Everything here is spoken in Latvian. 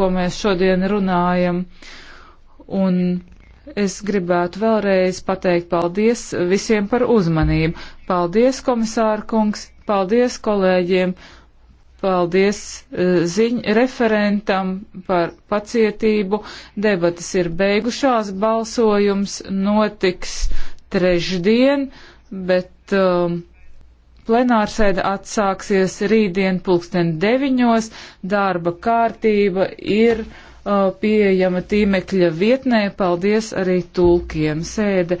ko mēs šodien runājam. Un es gribētu vēlreiz pateikt paldies visiem par uzmanību. Paldies, komisāra kungs, paldies kolēģiem, paldies eh, ziņ, referentam par pacietību. Debatas ir beigušās, balsojums notiks trešdien, bet. Um, Plenārsēde atsāksies rītdien pulksten deviņos. Darba kārtība ir uh, pieejama tīmekļa vietnē. Paldies arī tulkiem. Sēde